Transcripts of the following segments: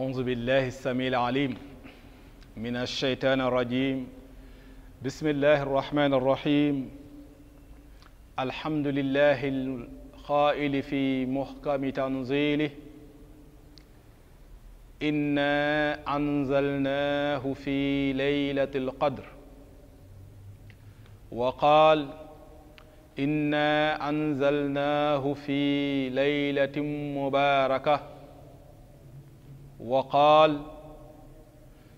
أعوذ بالله السميع العليم من الشيطان الرجيم بسم الله الرحمن الرحيم الحمد لله القائل في محكم تنزيله إنا أنزلناه في ليلة القدر وقال انا انزلناه في ليله مباركه وقال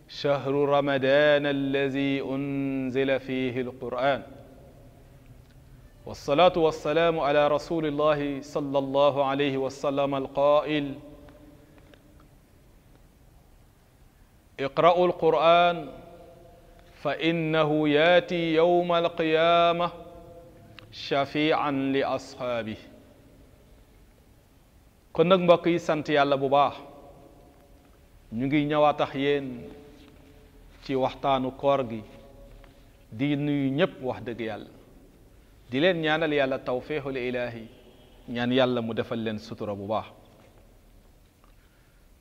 شهر رمضان الذي انزل فيه القران والصلاه والسلام على رسول الله صلى الله عليه وسلم القائل اقرأوا القرآن فإنه ياتي يوم القيامة shafi'an li ashaabi kon nag mbokk yi sant yàlla bu baax ñu ngi ñëwaat tax yéen ci waxtaanu koor gi di nuyu ñépp wax dëgg yàlla di leen ñaanal yàlla tawfiixul ilaahi ñaan yàlla mu defal leen sutura bu baax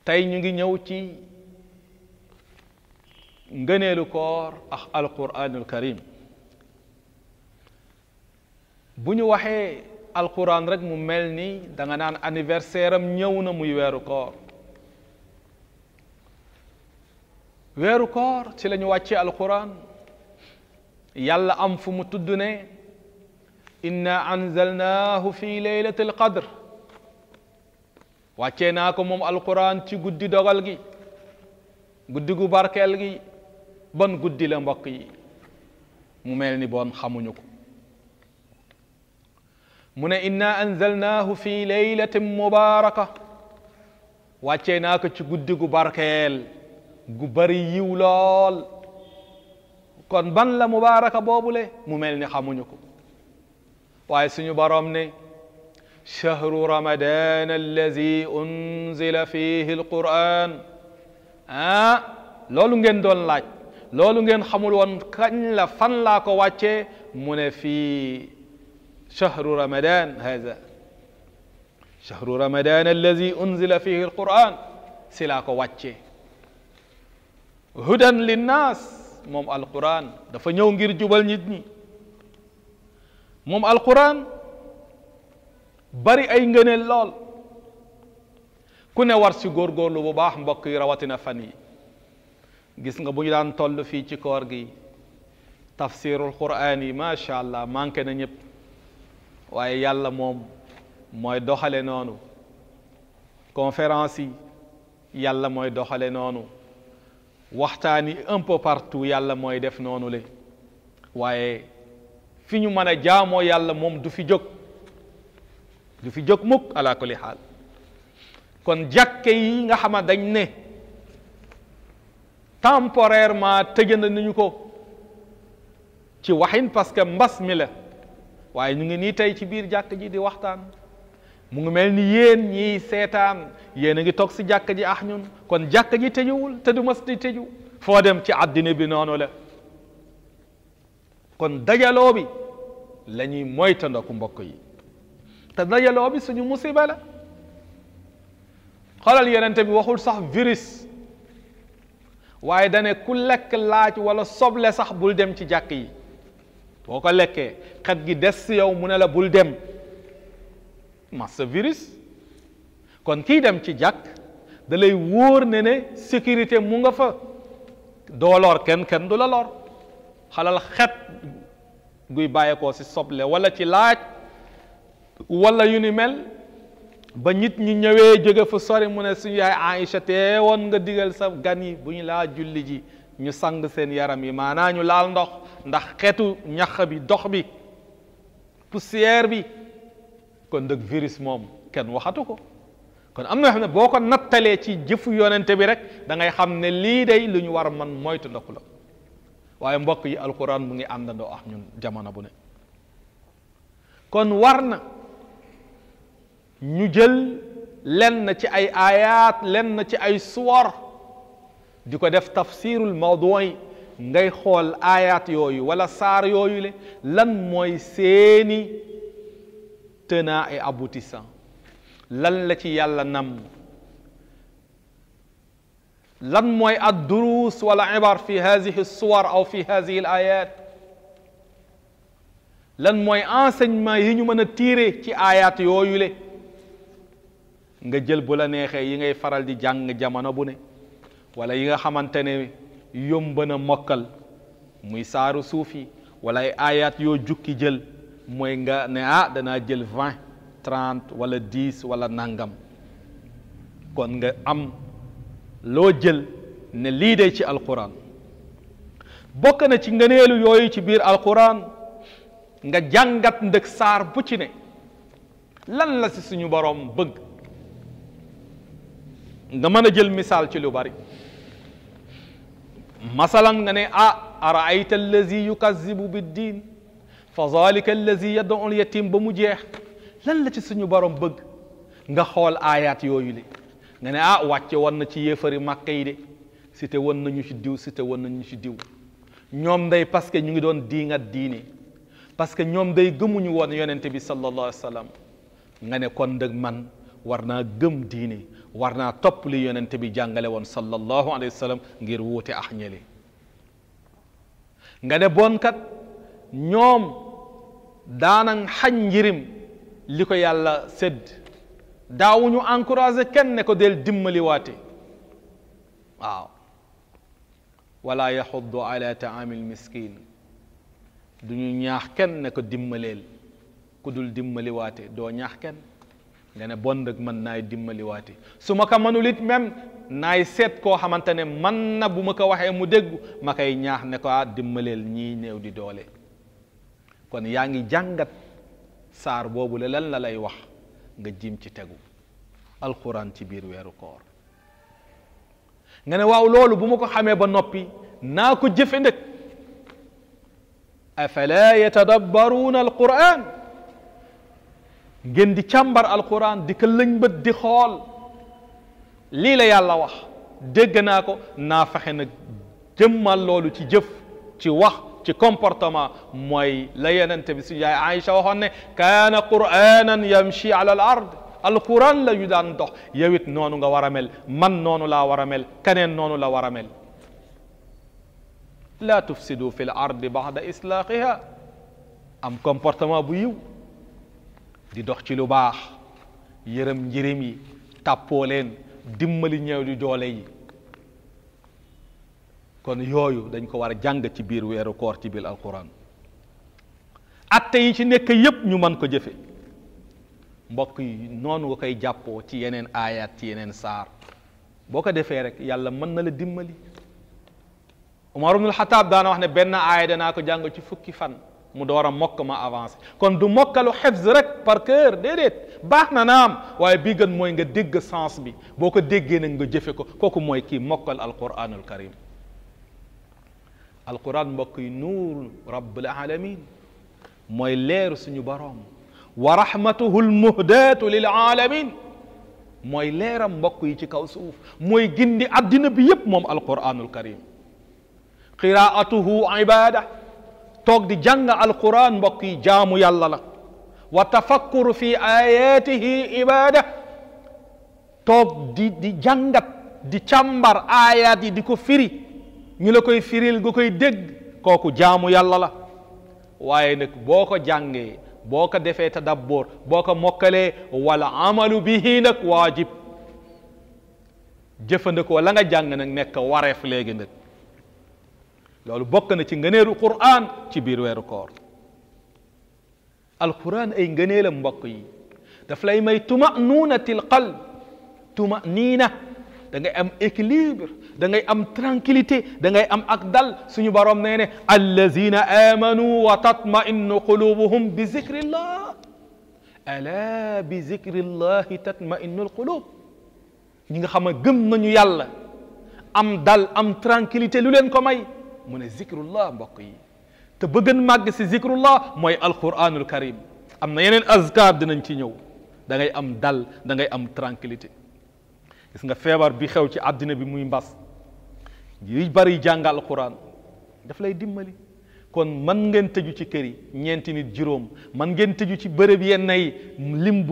tey ñu ngi ñëw ci ngëneelu koor ak alquraanul karim buñu waxé alquran rek mu melni da nga nan anniversaire am ñewna muy wéru koor wéru koor ci lañu wacce alquran yàlla am fu mu tuddu ne inna anzalnahu fi laylatil qadr wacce na ko mom alquran ci guddi dogal gi guddi gu barkel gi bon guddi la mbokk yi mu melni bon xamuñu ko mu ne inna anzalnaahu fi laylatin mubaaraka wàccee naa ko ci guddi gu barkeel gu bari yiw lool kon ban la mubaaraka boobule mu mel ni xamuñu ko waaye suñu boroom ne shahru ramadan allazi unzila fihi alquran ah loolu ngeen doon laaj loolu ngeen xamul woon kañ la fan laa ko wàccee mu ne fii شهر رمضان هذا شهر رمضان الذي أنزل فيه القرآن سلاكو واتشي هدى للناس moom alquran dafa ñëw ngir jubal nit ñi moom alquran bari ay ngëneel lool ku ne war si góorgóorlu bu baax mbokk yi rawatina fan yi gis nga bu ñu daan toll fii ci koor gi tafsirul quran yi macha allah manqué na ñëpp waaye yàlla moom mooy doxale noonu conférence yi yàlla mooy doxale noonu waxtaan yi un peu partout yàlla mooy def noonu le waaye fi ñu mën a jaamoo yàlla moom du fi jóg du fi jóg mukk ala kulli xaal kon jàkke yi nga xama dañ ne temporairement tëjënd nañu ko ci waxin parce que mbas mi la waye ñu ngi ni tay ci biir jàkk ji di waxtaan mu ngi mel ni yéen ñiy seetaan yéen a ngi toog si jàkk ji ax ñun kon jàkk ji tëjuwul te du mas di tëju foo dem ci àddina bi noonu la kon dajaloo bi la ñuy moytandoku mbokk yi te dajaloo bi suñu musiba la xolal yonente bi waxul sax virus waaye dane ku lekk laaj wala soble sax bul dem ci jàkk yi boo ko lekkee xet gi des si yow mu ne la bul dem massa virus kon kii dem ci jàkk dalay wóor ne ne sécurité mu nga fa doo lor kenn kenn du la lor xalal xet guy bàyyeekoo si soble wala ci laaj wala yu ni mel ba nit ñi ñëwee jóge fu sori mu ne suñu yaay Aïcha teewoon nga digal sa gan yi bu ñu laa julli ji ñu sang seen yaram yi maanaa ñu laal ndox ndax xeetu ñax bi dox bi poussière bi kon nag virus moom kenn waxatu ko kon am na xam ne boo ko nattalee ci jëfu yonente bi rek da ngay xam ne lii day lu ñu war man moytu ndoku la waaye mbokk yi alquran mu ngi àndandoo ak ñun jamono bu ne kon war na ñu jël lenn ci ay ayat lenn ci ay suwar di ko def tafsirul mawduin ngay xool ayaat yooyu wala saar yooyu le lan mooy seeni tenant et aboutissant lan la ci yàlla nam lan mooy ad duruus wala ibar fi hadihi suwar aw fi hadihi l lan mooy enseignement yi ñu mën a tiire ci ayaat yooyu le nga jël bu la neexee yi ngay faral di jàng jamono bu ne wala yi nga xamante ne yomba na mokkal muy saaru suufi wala ay ayaat yoo jukki jël mooy nga ne ah danaa jël vingt trente walla dix wala nangam kon nga am loo jël ne lii day ci alquran bokk na ci ngëneelu yooyu ci biir alquran nga jàngat ndëk saar bu ci ne lan la si suñu boroom bëgg nga mën a jël misaal ci lu bari masalan nga ne ah araayta allazi yukazibu biddin fa zalika allazi yad'u al-yatim ba mu jeex lan la ci suñu borom bëgg nga xool ayaat yooyu le nga ne ah wàcce woon na ci yéefari màkka yi de cité woon nañu ci diw cité woon nañu ci diw ñoom day parce que ñu ngi doon diingat diine parce que ñoom day gëmuñu woon yonente bi sallallahu alayhi wa nga ne kon dëgg man war naa gëm diine war naa topp li yonent bi jàngale woon sallallahu alayhi wa sallam ngir wuute ax ñëli nga ne bonkat ñoom daanan xañ njirim li ko yàlla sédd daawuñu encouragé kenn ne ko del dimmali waate waaw wala yaxuddu ala taamil miskin duñu ñaax kenn ne ko dimmaleel ku dul dimmali waate doo ñaax kenn nee na bon nag mën naay dimbaliwaate su ma ko mënul it même naay seet koo xamante ne na buma ko waxé mu déggu ma koy ñaax ne ko dimbalel ñi néew di doole kon yaangi jàngat sar bobu le lan la lay wax nga jim ci téggu alquran ci bir wéru koor nga ne waaw lolu buma ko xamé ba nopi na ko jëfe ndëg afala yatadabbaruna alquran ngeen di càmbar alquran di ko lëñbët di xool lii la yàlla wax dégg naa ko naa fexe nag jëmmal loolu ci jëf ci wax ci comportement mooy la yenente bi suñu yaay Aïcha waxoon ne kaana quranan yamshi ala al ard alquran la yu daan dox yow noonu nga war a mel man noonu laa war a mel keneen noonu la war a mel laa tufsidu fi l ardi ba'da islaqiha am comportement bu yiw di dox ci lu baax yërëm njërim yi tàppoo leen dimbali ñëw di doole yi kon yooyu dañ ko war a jàng ci biir weeru koor ci biir alquran atte yi ci nekk yépp ñu mën ko jëfe mbokk yi noonu nga koy jàppoo ci yeneen aayaat ci yeneen saar boo ko defee rek yàlla mën na la dimbali Umar ibnul Xataab daana wax ne benn aaya danaa ko jàng ci fukki fan mu door a mokk ma avancé kon du mokkalu xefs rek par cœur déedéet baax na naam waaye bii gën mooy nga dégg sens bi boo ko déggee nag nga jëfe ko kooku mooy kii mokkal alquranul karim alquran mbokk yi nuur rabbul alamin mooy leeru suñu borom wa rahmatuhu lmuhdaatu lil alamin mooy leeram mbokk yi ci kaw suuf mooy gindi addina bi yépp moom alquranul karim qiraatuhu ibada toog di jàng alquran mbokk yi jaamu yàlla la wa tafakkuru fi ayatihi ibada toog di di jàngat di càmbar ayat yi di ko firi ñu la koy firil nga koy dégg kooku jaamu yàlla la waaye nag boo ko jàngee boo ko defee tadabbur boo ko mokkalee wala amalu bihi nag waajib jëfandikoo la nga jàng nag nekk wareef léegi nag loolu bokk na ci ngëneeru quran ci biir weeru koor alquran ay ngëneelam mbokk yi daf lay may tumanuunatil qalb tumaniina da ngay am équilibre da ngay am tranquillité da ngay am ak dal suñu borom nee ne allazina amanu wa tatmainnu qulubuhum bi zikrillah ala bi zikrillahi tatmainu alqulub ñi nga xam ne gëm nañu yàlla am dal am tranquillité lu leen ko may mu ne zikrullah mbokk yi te bëggën màgg si zikrullah mooy alquranul karim am na yeneen azkar dinañ ci ñëw dangay am dal da ngay am tranquillité gis nga feebar bi xew ci àddina bi muy mbas yi bari jàng alquran daf lay dimbali kon man ngeen tëju ci kër yi ñeenti nit juróom man ngeen tëju ci bërëb yenn yi lim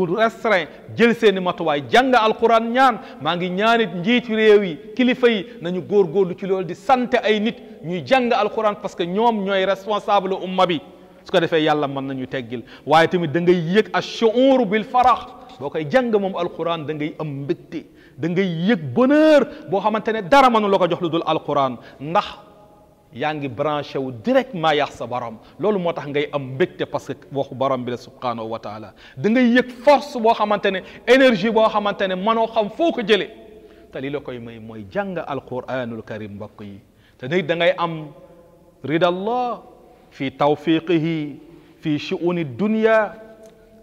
jël seeni matuwaay jàng alquran ñaan maa ngi ñaanit njiitu réew yi kilifa yi nañu lu ci loolu di sant ay nit ñuy jàng alquran parce que ñoom ñooy responsable umma bi su ko defee yàlla mën nañu teggil waaye tamit da ngay yëg ashuur bil farax boo koy jàng moom alquran da ngay am mbégte da ngay yëg bonheur boo xamante ne dara mënu la ko jox lu dul alquran ndax yaa ngi branché wu directement yàq sa borom loolu moo tax ngay am mbégte parce que waxu borom bi la subhanahu wa taala da ngay yëg force boo xamante ne énergie boo xamante ne mënoo xam foo ko jëlee te li la koy may mooy jàng alquranul karim mbokk yi تنيد دعاي أم رضا الله في توفيقه في شؤون الدنيا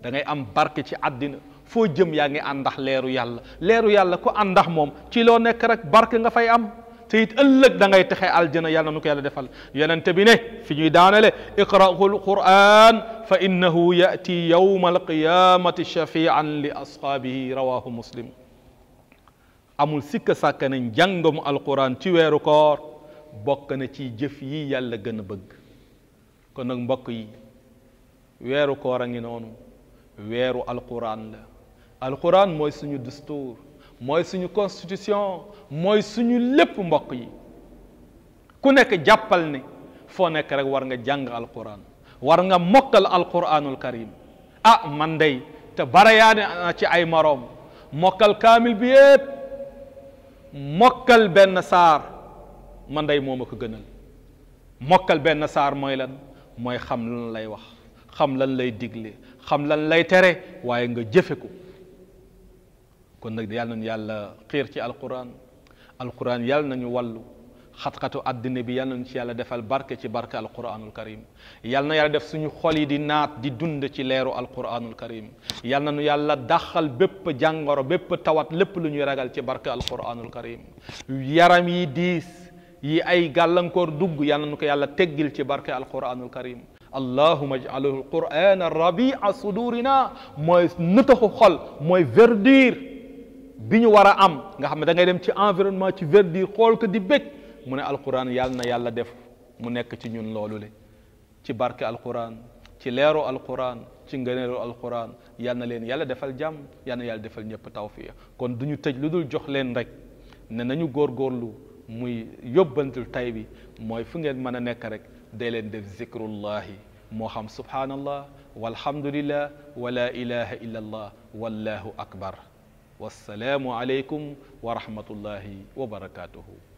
دعاي أم بركة الدين فوجم يعني أنده ليرو يال ليرو يال كو أنده موم تلو نكرك بركة غفاي أم تيد ألق دعاي تخي الجنة يال نوك يال دفل يال انتبهني في جيدان له اقرأه القرآن فإنه يأتي يوم القيامة شفيعا لأصحابه رواه مسلم أمول سكسا كان جنجم القرآن تيويرو كور bokk na ci jëf yi yàlla gën a bëgg kon nag mbokk yi weeru koor ngi noonu weeru alquran la alquran mooy suñu dustuur mooy suñu constitution mooy suñu lépp mbokk yi ku nekk jàppal ni foo nekk rek war nga jàng alquran war nga mokkal alquranul karim ah man day te barayaane ci ay moroom mokkal kaamil bi yépp mokkal benn saar ma ndey moo ma ko gënal mokkal benn saar mooy lan mooy xam lan lay wax xam lan lay digle xam lan lay tere waaye nga jëfe ko kon nag yàlla nañu yàlla xiir ci alquran alquran yàlla nañu wàllu xat-xatu bi yàlla nañu ci yàlla defal barke ci barke alquranul karim yàlla na yàlla def suñu xol yi di naat di dund ci leeru alquranul karim yàlla nañu yàlla daxal bépp jàngoro bépp tawat lépp lu ñuy ragal ci barke alquranul karim yaram yi diis yi ay gàllankoor dugg yàlla nu ko yàlla teggil ci barke alquranul karim allahuma ajalahu alqurana rabia sudurina mooy nëtaxu xol mooy verdure bi ñu war a am nga xam ne da ngay dem ci environnement ci verdure xool ko di bég mu ne alquran yàlla na yàlla def mu nekk ci ñun loolu le ci barke alquran ci leeru alquran ci ngëneelu alquran yal na yàlla defal jàmm yal yàlla defal ñëpp tawfiya kon du tëj lu jox leen rek ne nañu góorgóorlu muy yóbbantul tay bi mooy fu ngeen mën a nekk rek day leen def zikrullahi moo xam subhanallah walhamdulillah wala ilaha illa allah wallahu akbar wassalaamu alaykum wa rahmatullahi wa barakatuhu